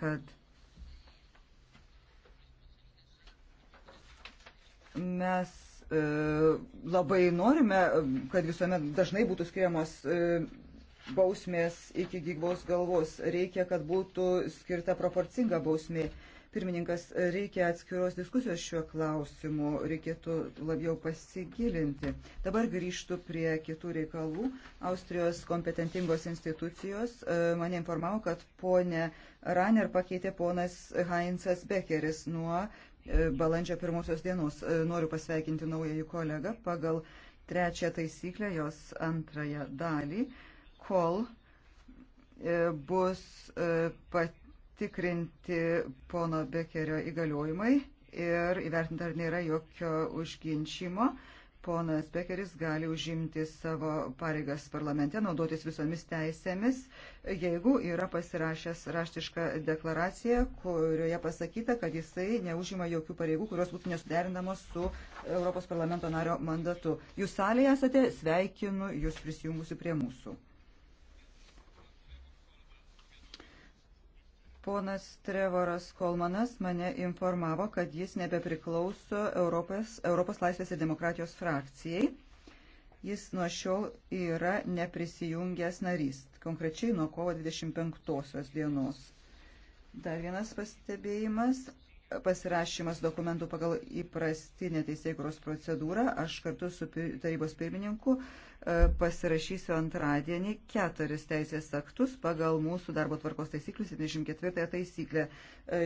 kad mes e, labai norime, kad visuomet dažnai būtų skiriamos e, bausmės iki gyvos galvos. Reikia, kad būtų skirta proporcinga bausmė. E, Pirmininkas, reikia atskiros diskusijos šiuo klausimu, reikėtų labiau pasigilinti. Dabar grįžtų prie kitų reikalų. Austrijos kompetentingos institucijos e, mane informavo, kad ponė Raner pakeitė ponas Heinzas Bekeris nuo e, balandžio pirmosios dienos. E, noriu pasveikinti naująjį kolegą pagal trečią taisyklę, jos antrąją dalį, kol bus pat patikrinti pono Bekerio įgaliojimai ir įvertinti, ar nėra jokio užginčymo. Ponas Bekeris gali užimti savo pareigas parlamente, naudotis visomis teisėmis, jeigu yra pasirašęs raštišką deklaraciją, kurioje pasakyta, kad jisai neužima jokių pareigų, kurios būtų nesuderinamos su Europos parlamento nario mandatu. Jūs salėje esate, sveikinu jūs prisijungusi prie mūsų. Ponas Trevoras Kolmanas mane informavo, kad jis nebepriklauso Europos, Europos laisvės ir demokratijos frakcijai. Jis nuo šiol yra neprisijungęs narys, konkrečiai nuo kovo 25 dienos. Dar vienas pastebėjimas pasirašymas dokumentų pagal įprastinę teisėkuros procedūrą. Aš kartu su tarybos pirmininku e, pasirašysiu antradienį keturis teisės aktus pagal mūsų darbo tvarkos taisyklių 74 taisyklę. E,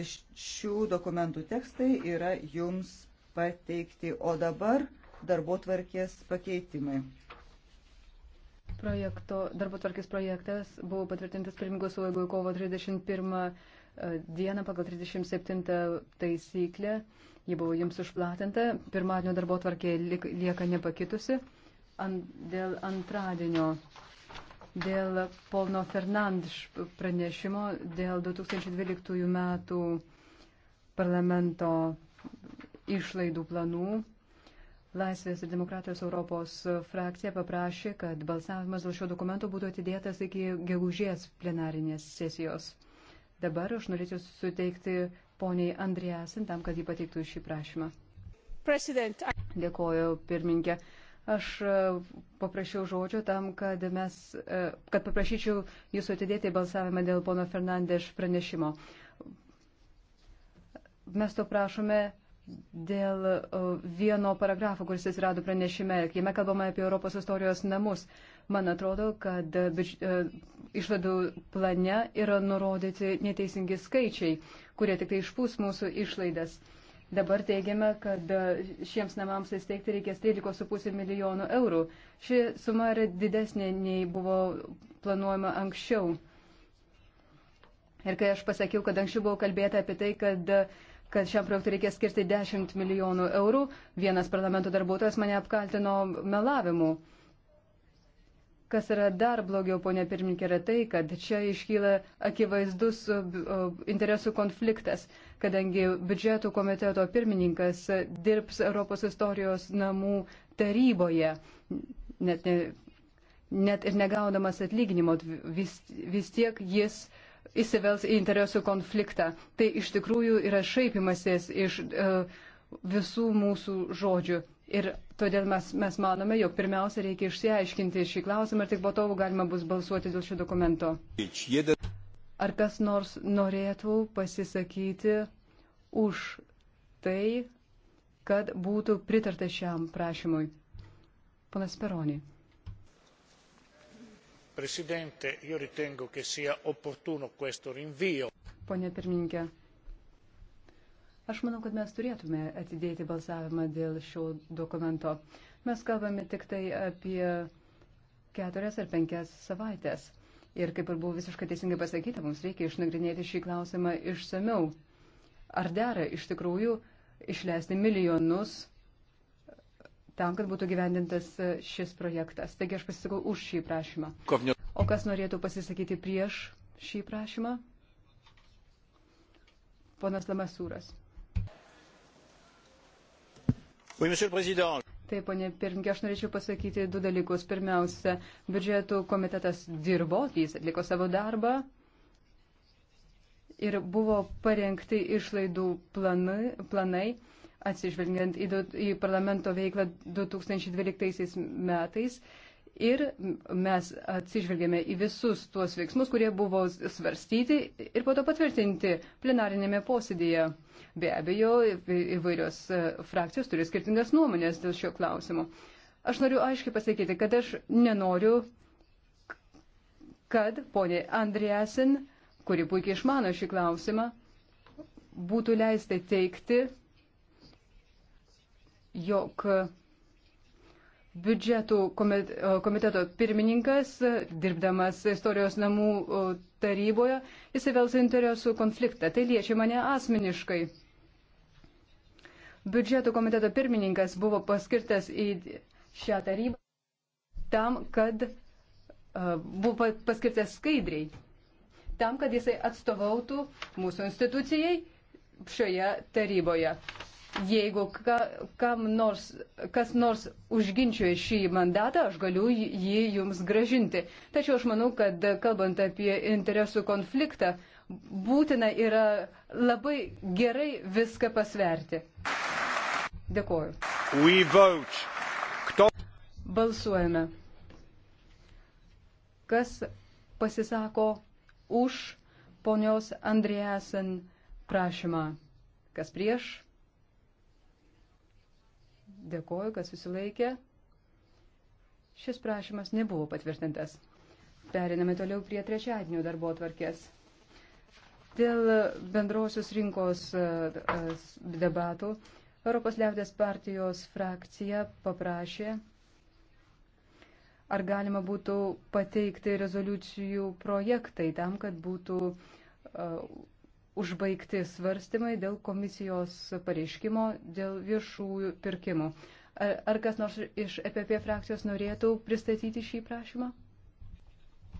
šių dokumentų tekstai yra jums pateikti, o dabar darbo tvarkės pakeitimai. Projekto, darbo tvarkės projektas buvo patvirtintas pirmingos suėgoje kovo 31 dieną pagal 37 taisyklę. Ji buvo jums išplatinta. Pirmadienio darbo tvarkė lieka nepakitusi. Ant, dėl antradienio, dėl Polno Fernandiš pranešimo, dėl 2012 metų parlamento išlaidų planų. Laisvės ir demokratijos Europos frakcija paprašė, kad balsavimas dėl šio dokumento būtų atidėtas iki gegužės plenarinės sesijos. Dabar aš norėčiau suteikti poniai Andriasin tam, kad jį pateiktų šį prašymą. President. Dėkoju, pirmininkė. Aš e, paprašiau žodžio tam, kad, mes, e, kad paprašyčiau jūsų atidėti balsavimą dėl pono Fernandeš pranešimo. Mes to prašome dėl e, vieno paragrafo, kuris atsirado pranešime, jame kalbama apie Europos istorijos namus. Man atrodo, kad e, e, išvadų plane yra nurodyti neteisingi skaičiai, kurie tik tai išpūs mūsų išlaidas. Dabar teigiame, kad e, šiems namams įsteigti reikės 13,5 milijonų eurų. Ši suma yra didesnė nei buvo planuojama anksčiau. Ir kai aš pasakiau, kad anksčiau buvo kalbėta apie tai, kad, kad šiam projektui reikės skirti 10 milijonų eurų, vienas parlamento darbuotojas mane apkaltino melavimu. Kas yra dar blogiau, ponia pirmininkė, yra tai, kad čia iškyla akivaizdus uh, interesų konfliktas, kadangi biudžetų komiteto pirmininkas dirbs Europos istorijos namų taryboje, net, ne, net ir negaudamas atlyginimo, vis, vis tiek jis įsivels į interesų konfliktą. Tai iš tikrųjų yra šaipimasis iš uh, visų mūsų žodžių. Ir todėl mes, mes manome, jog pirmiausia reikia išsiaiškinti šį klausimą ir tik po to galima bus balsuoti dėl šio dokumento. Ar kas nors norėtų pasisakyti už tai, kad būtų pritarta šiam prašymui? Panas Peronį. Presidente, io ritengo che sia opportuno questo rinvio. Pone pirmininkė, Aš manau, kad mes turėtume atidėti balsavimą dėl šio dokumento. Mes kalbame tik tai apie keturias ar penkias savaitės. Ir kaip ir buvo visiškai teisingai pasakyta, mums reikia išnagrinėti šį klausimą išsameu. Ar dera iš tikrųjų išleisti milijonus tam, kad būtų gyvendintas šis projektas. Taigi aš pasisakau už šį prašymą. O kas norėtų pasisakyti prieš šį prašymą? Ponas Lamasūras. Oui, Taip, ponė pirmininkė, aš norėčiau pasakyti du dalykus. Pirmiausia, biudžetų komitetas dirbo, jis atliko savo darbą ir buvo parengti išlaidų planai, planai atsižvelgiant į, į parlamento veiklą 2012 metais ir mes atsižvelgėme į visus tuos veiksmus, kurie buvo svarstyti ir po to patvirtinti plenarinėme posėdėje. Be abejo, įvairios e, frakcijos turi skirtingas nuomonės dėl šio klausimo. Aš noriu aiškiai pasakyti, kad aš nenoriu, kad ponė Andriasin, kuri puikiai išmano šį klausimą, būtų leista teikti, jog Biudžetų e, komiteto pirmininkas, dirbdamas istorijos namų e, taryboje, įsivels interesų konfliktą. Tai liečia mane asmeniškai. Biudžeto komiteto pirmininkas buvo paskirtas į šią tarybą tam, kad e, buvo paskirtas skaidriai, tam, kad jisai atstovautų mūsų institucijai šioje taryboje. Jeigu ka, nors, kas nors užginčioja šį mandatą, aš galiu jį jums gražinti. Tačiau aš manau, kad kalbant apie interesų konfliktą, būtina yra labai gerai viską pasverti. Dėkuoju. Kto... Balsuojame. Kas pasisako už ponios Andrėjasen prašymą? Kas prieš? Dėkoju, kas susilaikė. Šis prašymas nebuvo patvirtintas. Periname toliau prie trečiadienio darbo atvarkės. Dėl bendrosios rinkos e, e, debatų Europos liaudės partijos frakcija paprašė, ar galima būtų pateikti rezoliucijų projektai tam, kad būtų uh, užbaigti svarstymai dėl komisijos pareiškimo dėl viešųjų pirkimų. Ar, ar kas nors iš EPP frakcijos norėtų pristatyti šį prašymą?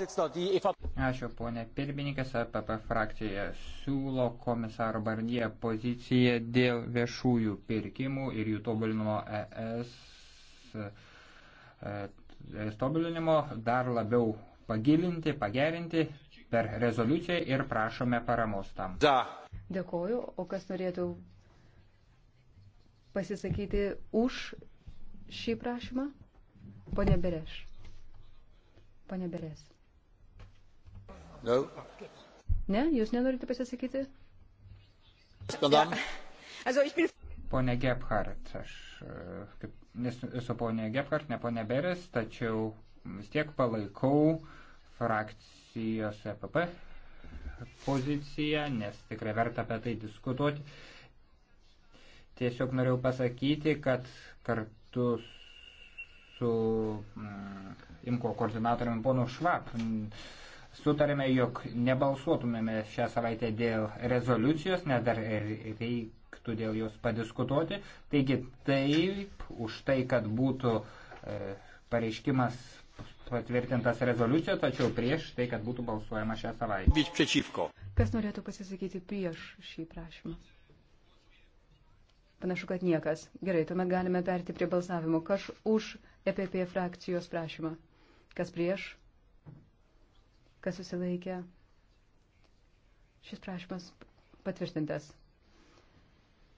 Ačiū, ponė pirmininkas, APP e frakcija siūlo komisaro Barnie poziciją dėl viešųjų pirkimų ir jų tobulinimo ES, ES tobulinimo dar labiau pagilinti, pagerinti per rezoliuciją ir prašome paramos tam. Da. Dėkoju, o kas norėtų pasisakyti už šį prašymą? Pone Bereš. Pone Beres. No. Ne, jūs nenorite pasisakyti? Madame. Pone Gebhardt, aš e, kaip, nes, esu ponė Gebhardt, ne ponė Beres, tačiau vis tiek palaikau uh, frakcijos EPP poziciją, nes tikrai verta apie tai diskutuoti. Tiesiog norėjau pasakyti, kad kartu su mm, Imko koordinatoriumi ponu Švab mm, sutarėme, jog nebalsuotumėme šią savaitę dėl rezoliucijos, nes dar reiktų dėl jos padiskutuoti. Taigi taip, už tai, kad būtų e, pareiškimas patvirtintas rezoliucija, tačiau prieš tai, kad būtų balsuojama šią savaitę. Kas norėtų pasisakyti prieš šį prašymą? Panašu, kad niekas. Gerai, tuomet galime perti prie balsavimo. Kas už EPP frakcijos prašymą? Kas prieš? Kas susilaikė? Šis prašymas patvirtintas.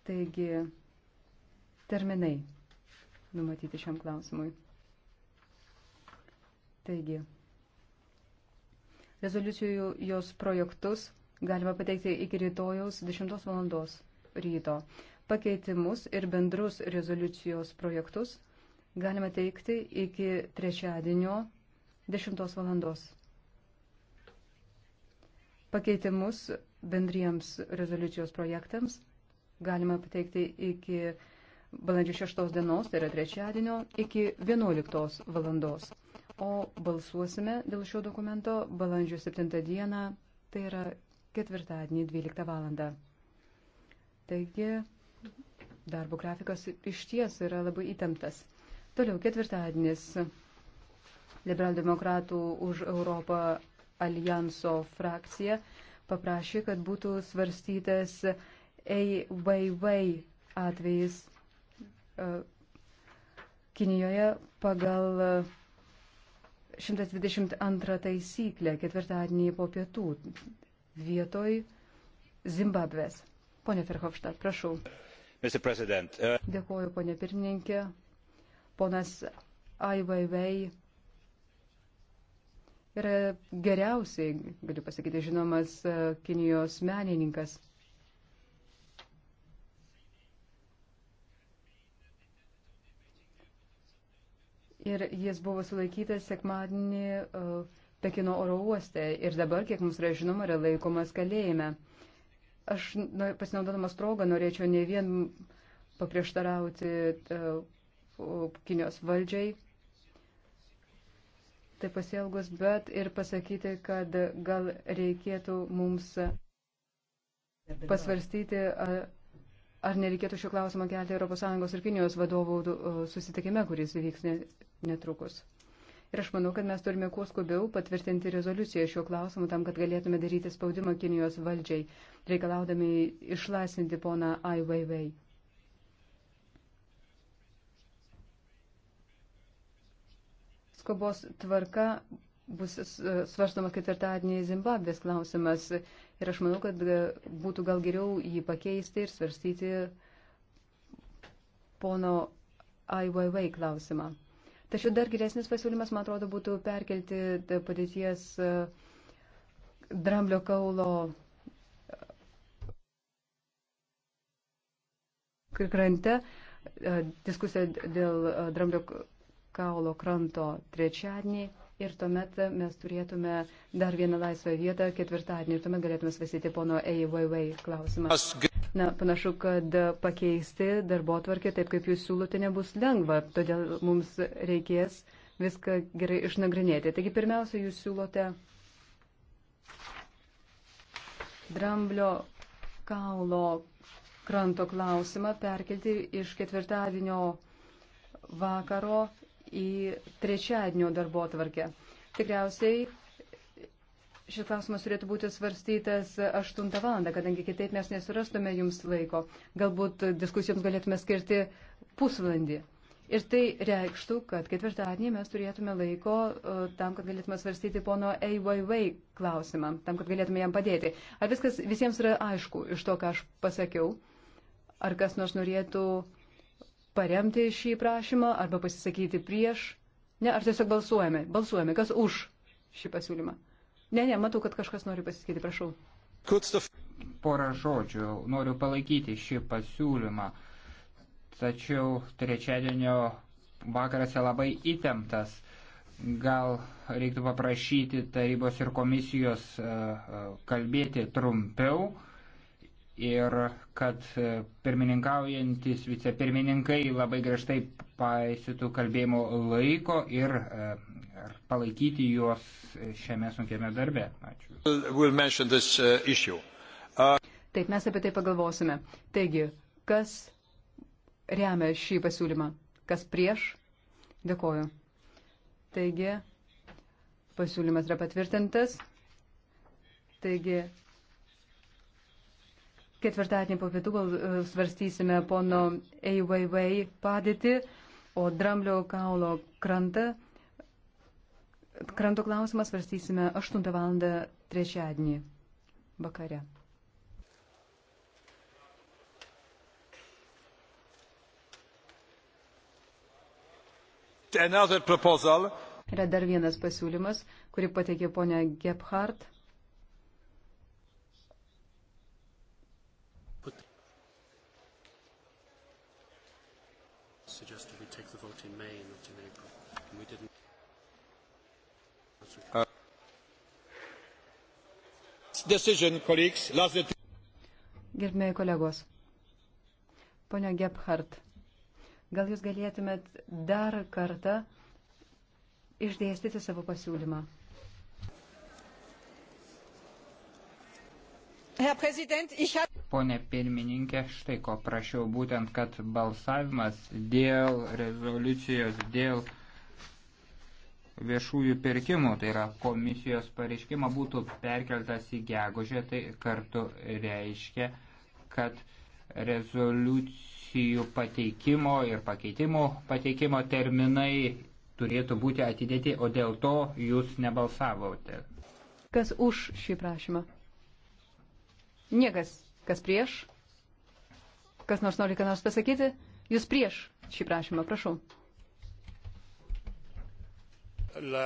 Taigi, terminai numatyti šiam klausimui. Taigi, rezoliucijų jos projektus galima pateikti iki rytojaus 10 val. ryto. Pakeitimus ir bendrus rezoliucijos projektus galima teikti iki trečiadienio 10 val. Pakeitimus bendriems rezoliucijos projektams galima pateikti iki balandžio 6 dienos, tai yra trečiadienio, iki 11 valandos o balsuosime dėl šio dokumento balandžio 7 dieną, tai yra ketvirtadienį 12 valandą. Taigi, darbo grafikas iš ties yra labai įtemptas. Toliau ketvirtadienis Liberaldemokratų už Europą alijanso frakcija paprašė, kad būtų svarstytas Ei Weiwei atvejis e, Kinijoje pagal 122 taisyklę ketvirtadienį po pietų vietoj Zimbabvės. Pone Ferhofštat, prašau. Uh, Dėkuoju, ponė pirmininkė. Ponas Aivaivei yra geriausiai, galiu pasakyti, žinomas uh, Kinijos menininkas. ir jis buvo sulaikytas sekmadienį uh, Pekino oro uoste ir dabar, kiek mums yra žinoma, yra laikomas kalėjime. Aš nu, pasinaudodamas progą norėčiau ne vien paprieštarauti uh, Kinijos valdžiai, tai pasielgus, bet ir pasakyti, kad gal reikėtų mums pasvarstyti. Uh, Ar nereikėtų šio klausimo kelti ES ir Kinijos vadovų e, susitikime, kuris vyks netrukus. Ir aš manau, kad mes turime kuo skubiau patvirtinti rezoliuciją šiuo klausimu tam, kad galėtume daryti spaudimą Kinijos valdžiai, reikalaudami išlaisvinti poną Ai Weiwei. Skubos tvarka bus svarstamas ketvirtadienį Zimbabvės klausimas ir aš manau, kad būtų gal geriau jį pakeisti ir svarstyti pono Ai Weiwei klausimą. Tačiau dar geresnis pasiūlymas, man atrodo, būtų perkelti e, padėties e, dramblio kaulo e, krante diskusija dėl dramblio kaulo kranto trečiadienį ir tuomet mes turėtume dar vieną laisvą vietą ketvirtadienį ir tuomet galėtume svarstyti pono Eiwaiwai klausimą. Na, panašu, kad pakeisti darbo tvarkę taip, kaip jūs siūlote, nebus lengva, todėl mums reikės viską gerai išnagrinėti. Taigi, pirmiausia, jūs siūlote dramblio kaulo kranto klausimą perkelti iš ketvirtadienio vakaro į trečiadienio darbo tvarkę. Tikriausiai Šis klausimas turėtų būti svarstytas 8 val., kadangi kitaip mes nesurastume jums laiko. Galbūt diskusijoms galėtume skirti pusvalandį. Ir tai reikštų, kad ketvirtadienį mes turėtume laiko e, tam, kad galėtume svarstyti pono AYY klausimą, tam, kad galėtume jam padėti. Ar viskas visiems yra aišku iš to, ką aš pasakiau? Ar kas nors norėtų paremti šį prašymą arba pasisakyti prieš? Ne, ar tiesiog balsuojame? Balsuojame, kas už šį pasiūlymą? Ne, ne, matau, kad kažkas nori pasiskyti, prašau. Porą žodžių. Noriu palaikyti šį pasiūlymą. Tačiau trečiadienio vakaras yra labai įtemptas. Gal reiktų paprašyti tarybos ir komisijos e, e, kalbėti trumpiau ir kad pirmininkaujantis vicepirmininkai labai griežtai paisytų kalbėjimo laiko ir e, palaikyti juos šiame sunkiame darbe. Ačiū. We'll e, uh, Taip, mes apie tai pagalvosime. Taigi, kas remia šį pasiūlymą? Kas prieš? Dėkoju. Taigi, pasiūlymas yra patvirtintas. Taigi, Ketvirtadienį po pietų e, svarstysime pono Eivaivai padėtį, o dramblio kaulo krantą. Kranto klausimą svarstysime 8 val. trečiadienį vakare. Yra dar vienas pasiūlymas, kurį pateikė ponia Gebhardt. suggested we take the vote in May, not in April, and we didn't. Uh, decision, colleagues, last Gerbėjai kolegos, ponia Gebhardt, gal jūs galėtumėt dar kartą išdėstyti savo pasiūlymą? Herr Präsident, ich habe Pone pirmininkė, štai ko prašiau būtent, kad balsavimas dėl rezoliucijos, dėl viešųjų pirkimų, tai yra komisijos pareiškimą, būtų perkeltas į gegužę, tai kartu reiškia, kad rezoliucijų pateikimo ir pakeitimo pateikimo terminai turėtų būti atidėti, o dėl to jūs nebalsavote. Kas už šį prašymą? Niekas Kas prieš? Kas nors nori ką nors pasakyti? Jūs prieš šį prašymą, prašau. La.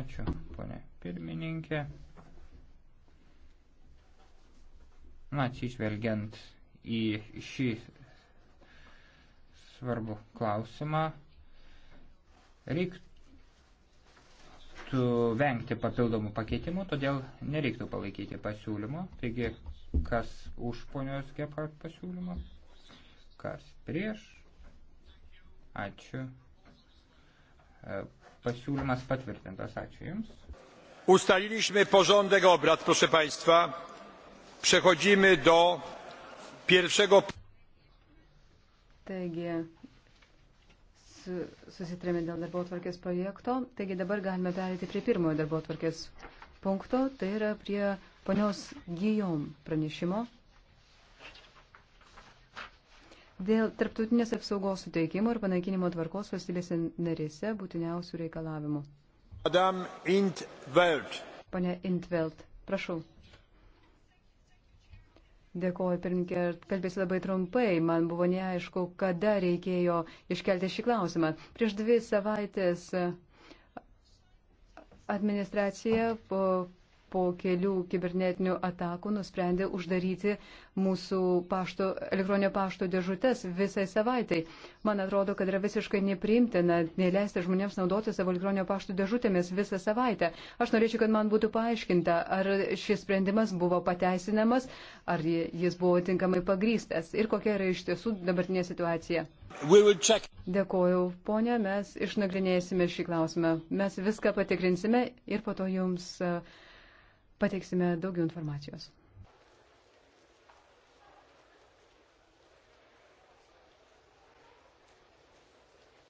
Ačiū, ponė pirmininkė. Na, atsižvelgiant į šį svarbų klausimą, reiktų vengti papildomų pakeitimų, todėl nereiktų palaikyti pasiūlymo. Taigi Kas už ponios Gepard pasiūlymą? Kas prieš? Ačiū. E, pasiūlymas patvirtintas. Ačiū Jums. Ustaliliśmy porządek obrad, proszę Państwa. Przechodzimy do pierwszego. Taigi, susitrėmė dėl darbo atvarkės projekto. Taigi dabar galime perėti prie pirmojo darbo atvarkės punkto, tai yra prie ponios Gijom pranešimo dėl tarptautinės apsaugos suteikimo ir panaikinimo tvarkos valstybėse narėse būtiniausių reikalavimų. Madame Intveld. Pane Intveld, prašau. Dėkoju, pirmininkė, kalbėsiu labai trumpai. Man buvo neaišku, kada reikėjo iškelti šį klausimą. Prieš dvi savaitės administracija po po kelių kibernetinių atakų nusprendė uždaryti mūsų pašto, elektroninio pašto dėžutės visai savaitai. Man atrodo, kad yra visiškai nepriimtina neleisti žmonėms naudoti savo elektroninio pašto dėžutėmis visą savaitę. Aš norėčiau, kad man būtų paaiškinta, ar šis sprendimas buvo pateisinamas, ar jis buvo tinkamai pagrystas ir kokia yra iš tiesų dabartinė situacija. Dėkoju, ponė, mes išnagrinėsime šį klausimą. Mes viską patikrinsime ir po to jums. Uh, pateiksime daugiau informacijos.